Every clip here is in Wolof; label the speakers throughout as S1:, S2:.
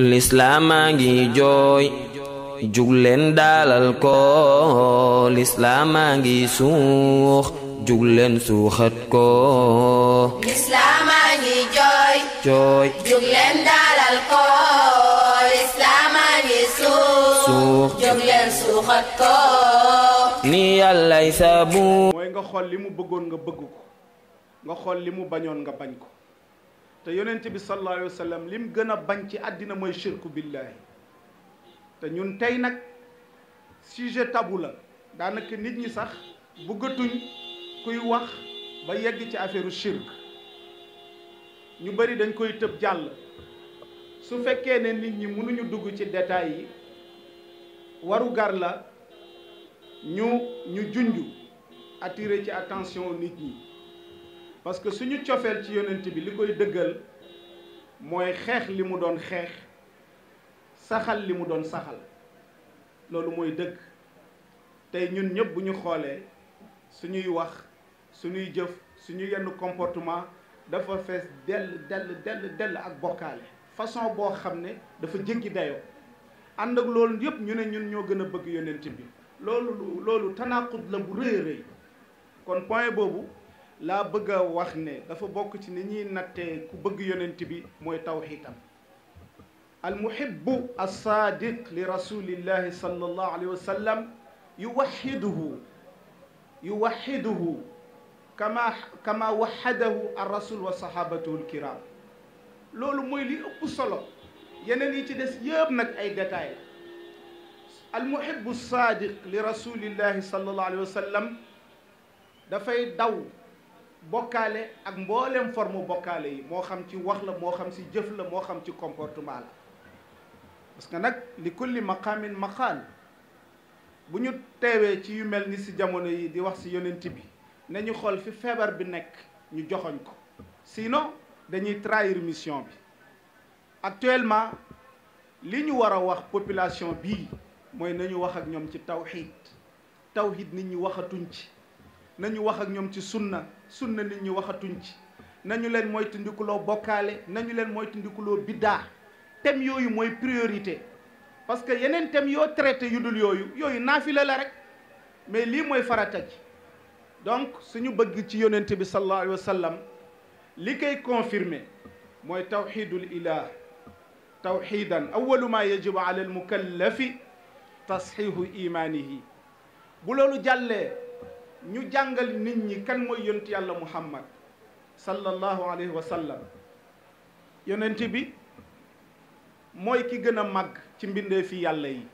S1: lislaamaa ngi jooy jugleen daalal ko lislaamaa ngi suux jugleen suuxat ko lislaamaa ngi jooy jooy jugleen mooy nga xool mu bëggoon nga bëgg nga xool mu bañoon nga bañ ko te yonent bi sallallahu alayhi wa sallam lim gën a bañ ci àddina mooy shirku billahi te ñun tey nag sujet tabu la daanaka nit ñi sax buggatuñ kuy wax ba yegg ci affaire shirk ñu bëri dañ koy tëb jàll su fekkee ne nit ñi mënuñu dugg ci détails yi warugar la ñu ñu junj attirer ci attention nit ñi parce que suñu cofeel ci yonent bi li koy dëggal mooy xeex li mu doon xeex saxal li mu doon saxal loolu mooy dëgg tey ñun ñëpp bu ñu xoolee suñuy wax suñuy jëf suñu yenn comportement dafa fees dell dell dell dell ak bokkaale façon boo xam ne dafa jéggi dayoo ànd ak loolu yëpp ñu ne ñun ñoo gën a bëgg yonent bi loolu loolu tanaqut la bu rëy a rëy kon point boobu laa bëgg a wax ne dafa bokk ci ni ñuy nattee ku bëgg yonent bi mooy tawxiitam almuhibbu alsaadiq li rasulillahi sallallahu alayhi wa sallam yuwaxiduhu yuwaxiduhu kama kama waxadahu arrasul wa sahabatuhu alkiram loolu mooy li ëpp solo yeneen yi ci des yëpp nag ay détails almuhibbu saadiq li rasulillahi sallallahu alayhi wa sallam dafay daw bokkaale ak mbooleem forme bokkaale yi moo xam ci wax la moo xam ci jëf la moo xam ci comportement la parce que nag li kulli maqaamin maqaal bu ñu teewee ci yu mel ni ci jamono yi di wax ci yonent bi nañu xool fi feebar bi nekk ñu joxoñ ko sinon dañuy trahir mission bi actuellement li ñu war a wax population bii mooy nañu wax ak ñoom ci tawxiid tawxiid nit ñi waxatuñ ci nañu wax ak ñoom ci sunna sunna nit ñi waxatuñ ci nañu leen moytu ndikuloo bokkaale nañu leen moytu ndikuloo biddaa thème yooyu mooy priorité parce que yeneen thème yoo traité yu dul yooyu yooyu naafila la rek mais lii mooy farata ji donc suñu bëgg ci yonent bi sallallahu alayhi wa sallam li koy confirmer mooy tawxidul ilah tawxidan awalu ma yajibu ala almukallafi tasxihu imanihi bu loolu jàllee ñu jàngal nit ñi kan mooy yonent yàlla muhammad sallallahu alayhi wa sallam yonent bi mooy ki gën a màgg ci mbindeefi yàlla yi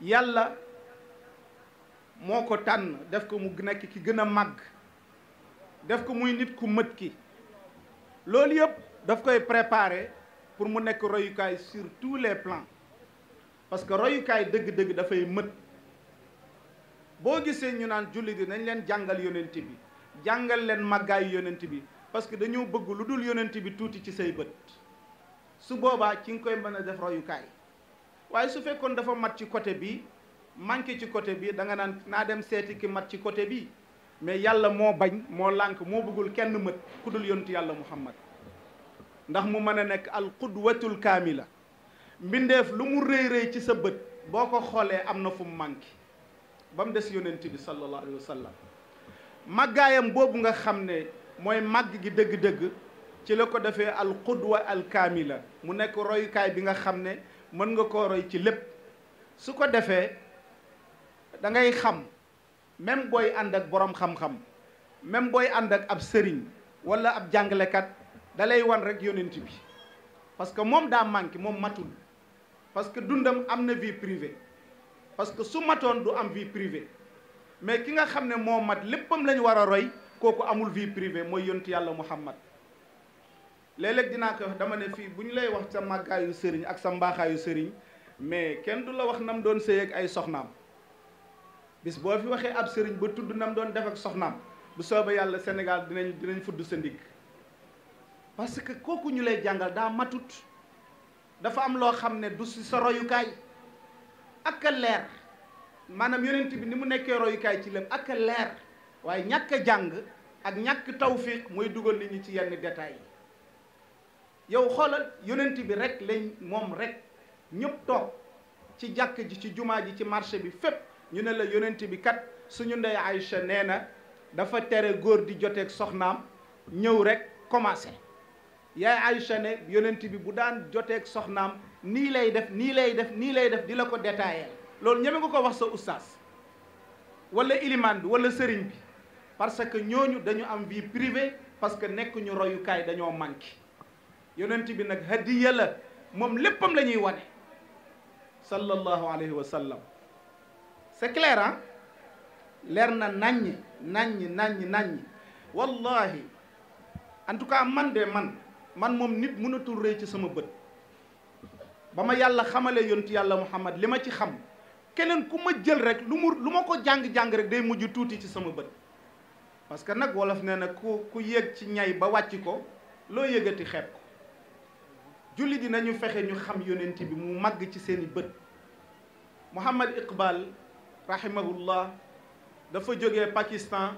S1: yàlla moo ko tànn def ko mu nekk ki gën a màgg def ko muy nit ku mët ki loolu yëpp daf koy prépare pour mu nekk royukaay sur tous les plans parce que royukaay dëgg-dëgg dafay mët boo gisee ñu naan julli di nañ leen jàngal yonent bi jàngal leen màggaayu yonent bi parce que dañoo bëgg lu dul yonent bi tuuti ci say bët su boobaa ci nga koy mën a def royukaay waaye su fekkoon dafa mat ci côté bi manqué ci côté bi da nga naan naa dem seeti ki mat ci côté bi mais yàlla moo bañ moo lànk moo bëggul kenn mët ku dul yonent yàlla muhammad ndax mu mën a nekk al qudwatul kaamila mbindeef lu mu rëy rëy ci sa bët boo ko xoolee am na fu mu manqué ba mu des yonent bi sallallahu alayhi wa sallam màggaayam boobu nga xam ne mooy màgg gi dëgg-dëgg ci la ko defee al qudwa al mu nekk royukaay bi nga xam ne mën nga koo roy ci lépp su ko defee da ngay xam même booy ànd ak borom xam-xam même booy ànd ak ab sëriñ wala ab jàngalekat da wan rek yonent bi parce que moom daa manqué moom matul parce que dundam am na vie privée parce que su matoon du am vie privée mais ki nga xam ne moo mat léppam la ñu war a roy kooku amul vie privée mooy yontu yàlla muhammad léeg-léeg dinaa ko wax dama ne fii bu ñu lay wax sa màggaayu sëriñ ak sa mbaaxaayu sëriñ mais kenn du la wax nam doon sëy ak ay soxnaam bis boo fi waxee ab sëriñ ba tudd nam doon def ak soxnaam bu soobee yàlla Sénégal dinañ dinañ fudd sa ndigg parce que kooku ñu lay jàngal daa matut dafa am loo xam ne du si sa royukaay ak leer maanaam yonent bi ni mu nekkee royukaay ci lëm ak a leer waaye ñàkk jàng ak ñàkk tawfiq mooy dugal nit ñi ci yenn détails yi yow xoolal yonent bi rek lañ moom rek ñëpp toog ci jàkk ji ci jumaa ji ci marché bi fépp ñu ne la yonent bi kat suñu ndey Aïcha nee na dafa tere góor di joteek soxnaam ñëw rek commencé yaay Aïcha ne yonent bi bu daan joteek soxnaam nii lay def nii lay def nii lay def di la ko détaillé loolu ñeme nga ko wax sa ustaas wala ilimaan bi wala sëriñ bi parce que ñooñu dañu am vie privée parce que nekk ñu royukaay dañoo manqué yonent bi nag hadiya la moom léppam la ñuy wane sallallahu alayhi wa sallam c'est clair ah leer na naññ naññ naññ naññ wallahi en tout cas man de man man moom nit mënatul rëy ci sama bët ba ma yàlla xamalee yontu yàlla muhammad li ma ci xam keneen ku ma jël rek lu mu lu ma ko jàng-jàng rek day mujj tuuti ci sama bët parce que nag wolof nee na ku ku yéeg ci ñay ba wàcc ko loo yëgati xeet ko julli dinañu fexe ñu xam yonent bi mu màgg ci seeni bët Muhammad Iqbal rahimahullah dafa jóge Pakistan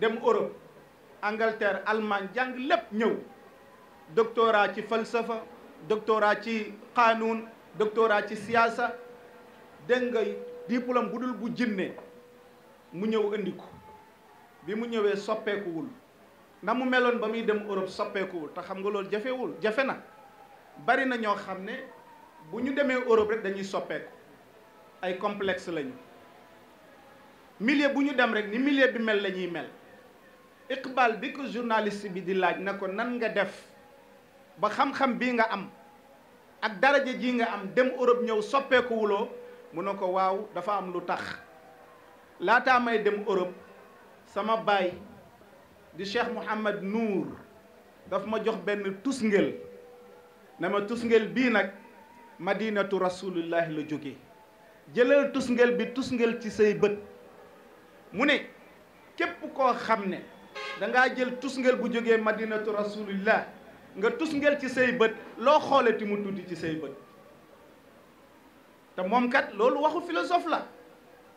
S1: dem Europe Angleterre almaañ jàng lépp ñëw doctorat ci falsafa doctorat ci qaanuun doctorat ci siyaasa dégg nga diplôme bu dul bu jinne mu ñëw indiku bi mu ñëwee soppeekuwul ndax mu meloon ba muy dem Europe soppeekuwul te xam nga loolu jafewul jafe na bari na ñoo xam ne bu ñu demee Europe rek dañuy soppeeku ay complexe lañu milieu bu ñu dem rek ni milieu bi mel la ñuy mel iqbal bi ko journaliste bi di laaj na ko nan nga def ba xam-xam bii nga am ak daraja jii nga am dem Europe ñëw soppeeku mu ne ko waaw dafa am lu tax laataa may dem Europe sama baay di Cheikh Mouhamad nuur dafa ma jox benn tusngel na ma tusngel bii nag madinatu rasulillahi la jóge jëlal tusngel bi tusngel ci say bët mu ne képp koo xam ne dangaa jël tusngel bu jógee madinatu rasulillah nga tusngel ci say bët loo xoolati mu tuuti ci say bët te moom kat loolu waxu philosophe la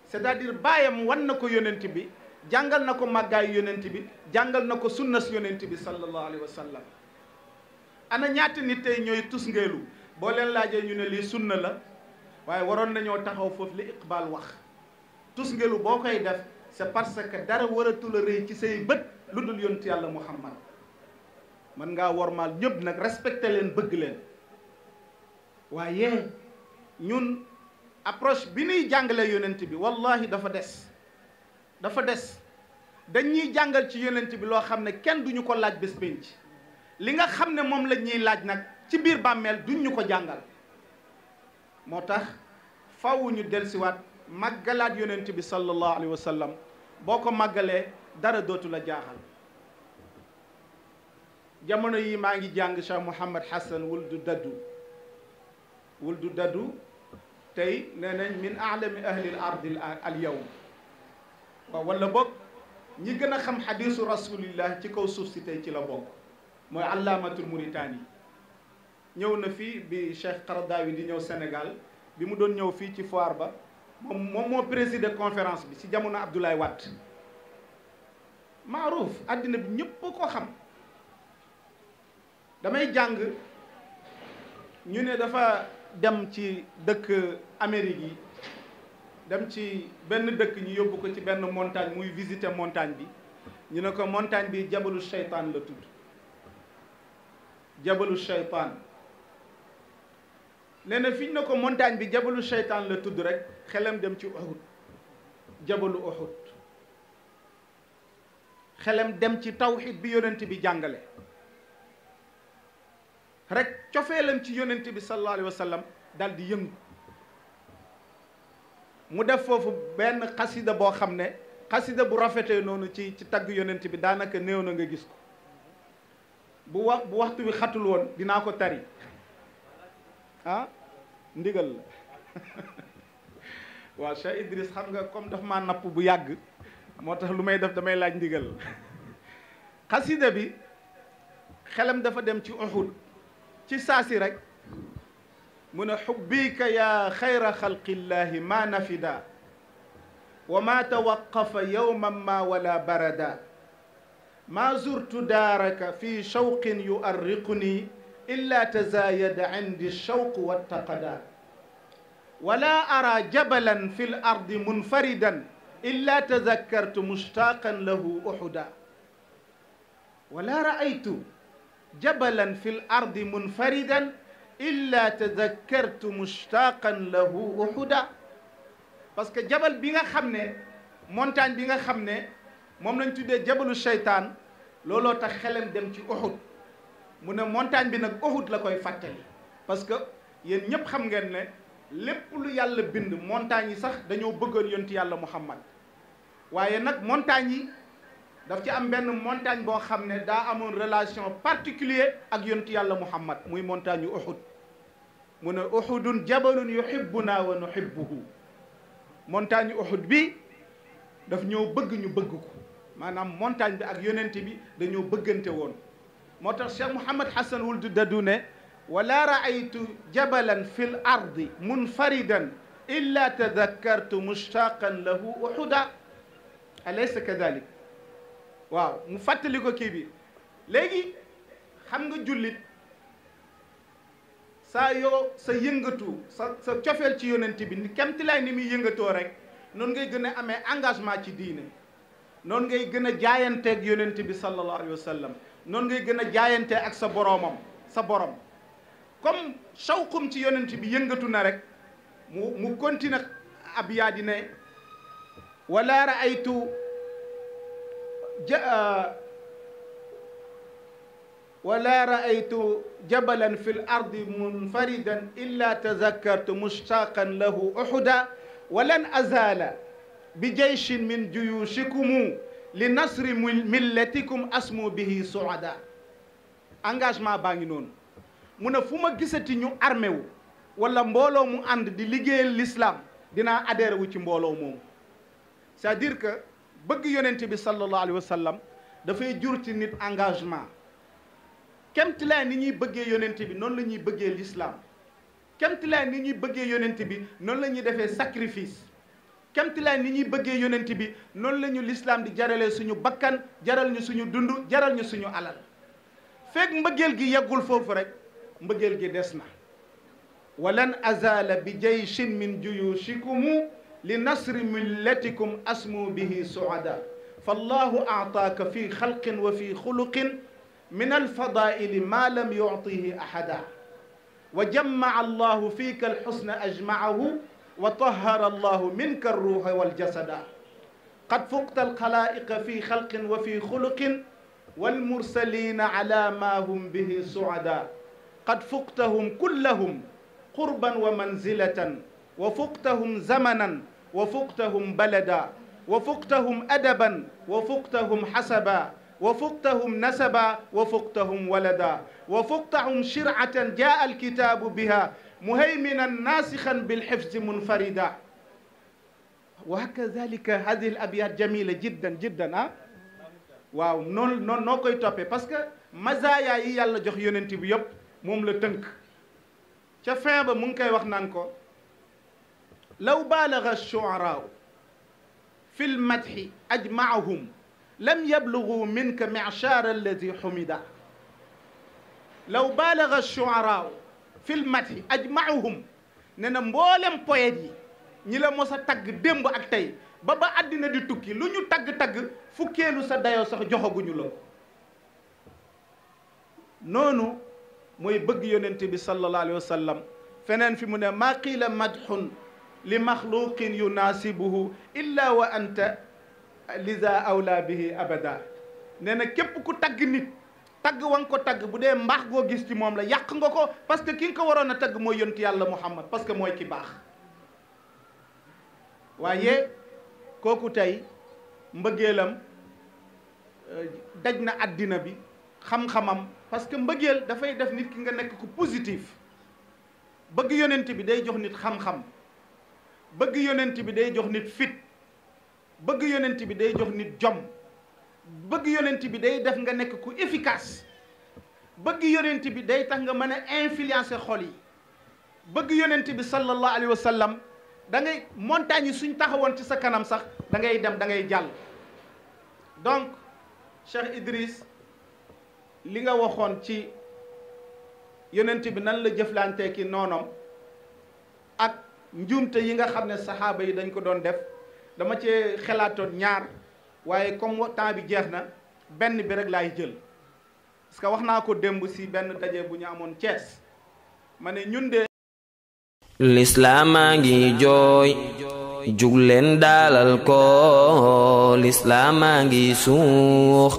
S1: c'est-à-dire baayam wan na ko yonent bi jàngal na ko màggaayu yonent bi jàngal na ko sunnas yonent bi sallallahu alayhi wa sallam ana ñaata nit tey ñooy tusngeelu boo leen laajee ñu ne lii sunna la waaye waroon nañoo taxaw foofu li Iqbal wax tusngeelu boo koy def c'est parce dara waratul a rëy ci say bët lu dul yontu yàlla Muhammad mën ngaa wormaal ñëpp nag respecté leen bëgg leen waaye ñun approche bi ñuy jàngale yonent bi wallahi dafa des dafa des dañuy jàngal ci yonent bi loo xam ne kenn duñu ko laaj bés li nga xam ne moom la ñuy laaj nag ci biir bàmmeel duñ ñu ko jàngal moo tax faw ñu delsiwaat màggalaat yonent bi sallallahu alayhi wa boo ko màggalee dara dootu la jaaxal jamono yi maa ngi jàng Cheikh Mouhamad Hassan wul du daddu wul du daddu tey nee nañ min aalami ahlil ardi al yawm waaw bokk ñi gën a xam xadisu rasulillah ci kaw suuf si tey ci la bokk mooy allaamatul Mauritanie ñëw na fii bi Cheikh Qaradawi di ñëw Sénégal bi mu doon ñëw fii ci foire ba moom moo présider conférence bi ci jamono Abdoulaye Wade maaruuf àddina bi ñëpp ko xam damay jàng ñu ne dafa dem ci dëkk Amérique yi dem ci benn dëkk ñu yóbbu ko ci benn montagne muy visiter montagne bi ñu ne ko montagne bi jabalu seytaan la tudd jabalu seytaan nee na fi ñu ne ko montagne bi jabalu seytaan la tudd rek xelam dem ci Uhud jabalu Uhud xelam dem ci tawxid bi yonent bi jàngale rek cofeelam ci yonent bi sallallahu alayhi wa sallam dal di yëngu mu def foofu benn xasida boo xam ne xasida bu rafetee noonu ci ci tagg yonent bi daanaka néew na nga gis ko bu wax bu waxtu bi xatul woon dinaa ko tari ah ndigal la waaw Cheikh Idris xam nga comme daf ma napp bu yàgg moo tax lu may def damay laaj ndigal la xasida bi xelam dafa dem ci Uhud ci saasi rek mu ne xubbika yaa xayra xalqillahi ma nafida wa ma tawaqafa yowman ma wala barada ma zurtu daaraka fi shawqin yuarriquni illa tazaayada indi shawq wattaqada wala ara jabalan fi l ardi munfaridan illa tazakkartu mushtaqan lahu uxuda wala raaytu jabalan fil ardi munfaridan illa tadakkartu la lahu uhuda parce que jabal bi nga xam ne montagne bi nga xam ne moom lañ tuddee jabalu seytaan looloo tax xelam dem ci Uhud mu ne montagne bi nag Uhud la koy fàttali parce que yéen ñëpp xam ngeen ne lépp lu yàlla bind montagne yi sax dañoo bëggoon yonti yàlla Muhammad waaye nag montagne yi daf ci am benn montagne boo xam ne daa amoon relation particulier ak yontu yàlla muhammad muy montagne yu uhud mu ne uhudun jabalun yuhibbuna wa nuhibbuhu montagne uhud bi daf ñëw bëgg ñu bëgg ko maanaam montagne bi ak yonente bi dañoo bëggante woon moo tax cheikh mouhamad hasan wuld dadu wala raaytu jabalan fi l mun munfaridan illa tadakkartu mushtaqan lahu uhuda alaysa kadalik waaw mu fàttali ko kii bi léegi xam nga jullit saa yoo sa yëngatu sa sa cofeel ci yonent bi ni kem ti ni muy yëngatoo rek noonu ngay gën a amee engagement ci diine noonu ngay gën a jaayanteeg yonent bi sallallahu alayhi noonu ngay gën a jaayantee ak sa boroomam sa borom comme shawqum ci yonent bi yëngatu na rek mu mu continuer ab yaa di ne wala raaytu jaa wala raaytu jabalan fi l ardi munfaridan illa tazakkartu mushtaqan lahu uhuda walan azala bi jeyshin min juyushikumu li nasri millatikum asmu bihi suada engagement baa ngi noonu mu fuma fu ma gisati wala mbooloomu mu ànd di liggéeyal lislaam dina adhéré ci mbooloo moomu bëgg yonent bi sallallahu alayhi sallam dafay jur ci nit engagement kemtilaay ni ñuy bëggee yonent bi noonu lañuy bëggee l'islam kemtilaay ni ñuy bëggee yonent bi noonu la ñuy defee sacrifice kemtilaay ni ñuy bëggee yonent bi noonu la ñu di jaralee suñu bakkan jaral ñu suñu dund jaral ñu suñu alal fekk mbëggeel gi yeggul foofu rek mbëggeel gi des na walan azala bi jayshin min mu li nasri millatikum asmu bihi suada fallahu aataaka fi xalqin wa fi xuluqin min alfadaili ma lam yuctihi axada wa jammaca allahu fiika alxusna ajmacahu wa tahara allahu minka alruuxa waljasada qad fuqta alxalaa'iqa fi xalqin wa fi xuluqin والمرسلين على ما هم به سعدا قد فقتهم كلهم قربا ومنزلة وفقتهم زمنا وفقتهم بلدا وفقتهم أدبا وفقتهم حسبا وفقتهم نسبا وفقتهم ولدا وفقتهم شرعة جاء الكتاب بها مهيمنا ناسخا بالحفظ منفردا وهكذلك هذه الأبيات جميلة جدا جدا أه؟ waaw noonu noonu noo koy toppee parce que mazaaya yi yàlla jox yonent bi yëpp moom la tënk ca fin ba mu ngi koy wax naan ko law baalaga ash-shu'araa'u fi lmadxi ajmaahum lam yablugu minka mi'shaara alladi xumida law baalaga ash-shu'araa'u fi lmadxi ajmaahum ne na mboolem poète yi ñi la mos a tagg démb ak tey ba ba àddina di tukki lu ñu tagg-tagg fukkeelu sa dayoo sax joxaguñu la ko noonu mooy bëgg yonent bi sallallahu alayhi wa feneen fi mu ne maa qiila madxun li maxluqin yunaasibuhu illa wa anta lisa awla bihi abada nee na képp ku tagg nit tagg wan ko tagg bu dee mbaax goo gis ci moom la yàq nga ko parce que ki nga ko waroon a tagg mooy yont yàlla muhammad parce que mooy ki baax waaye kooku tey mbëggeelam euh, daj na àddina bi xam parce que mbëggeel dafay def nit ki nga nekk ku positif bëgg yonent bi day jox nit xam-xam bëgg yonent bi day jox nit fit bëgg yonent bi day jox nit jom bëgg yonent bi day def nga nekk ku efficace bëgg yonent bi day tax nga mën a influencer xol yi bëgg yonent bi sallallahu alayhi wa sallam da ngay montagne yi suñ taxawoon ci sa kanam sax dangay dem da ngay jàll donc Cheikh Idriss li nga waxoon ci yonent bi nan la jëflante ki noonam ak njuumte yi nga xam ne saxaaba yi dañ ko doon def dama ci xelaatoon ñaar waaye comme temps bi jeex na benn bi rek laay jël parce que wax naa ko démb si benn daje bu ñu amoon Cees ma ne ñun de lislaamaa ngi jooy jug leen daalal ko ngi suux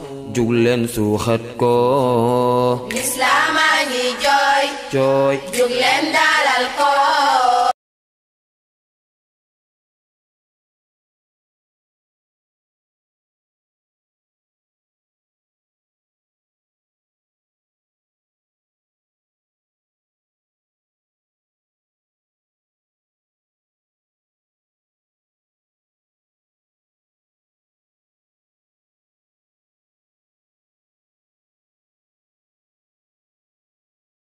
S1: suuxat jooy jooy ko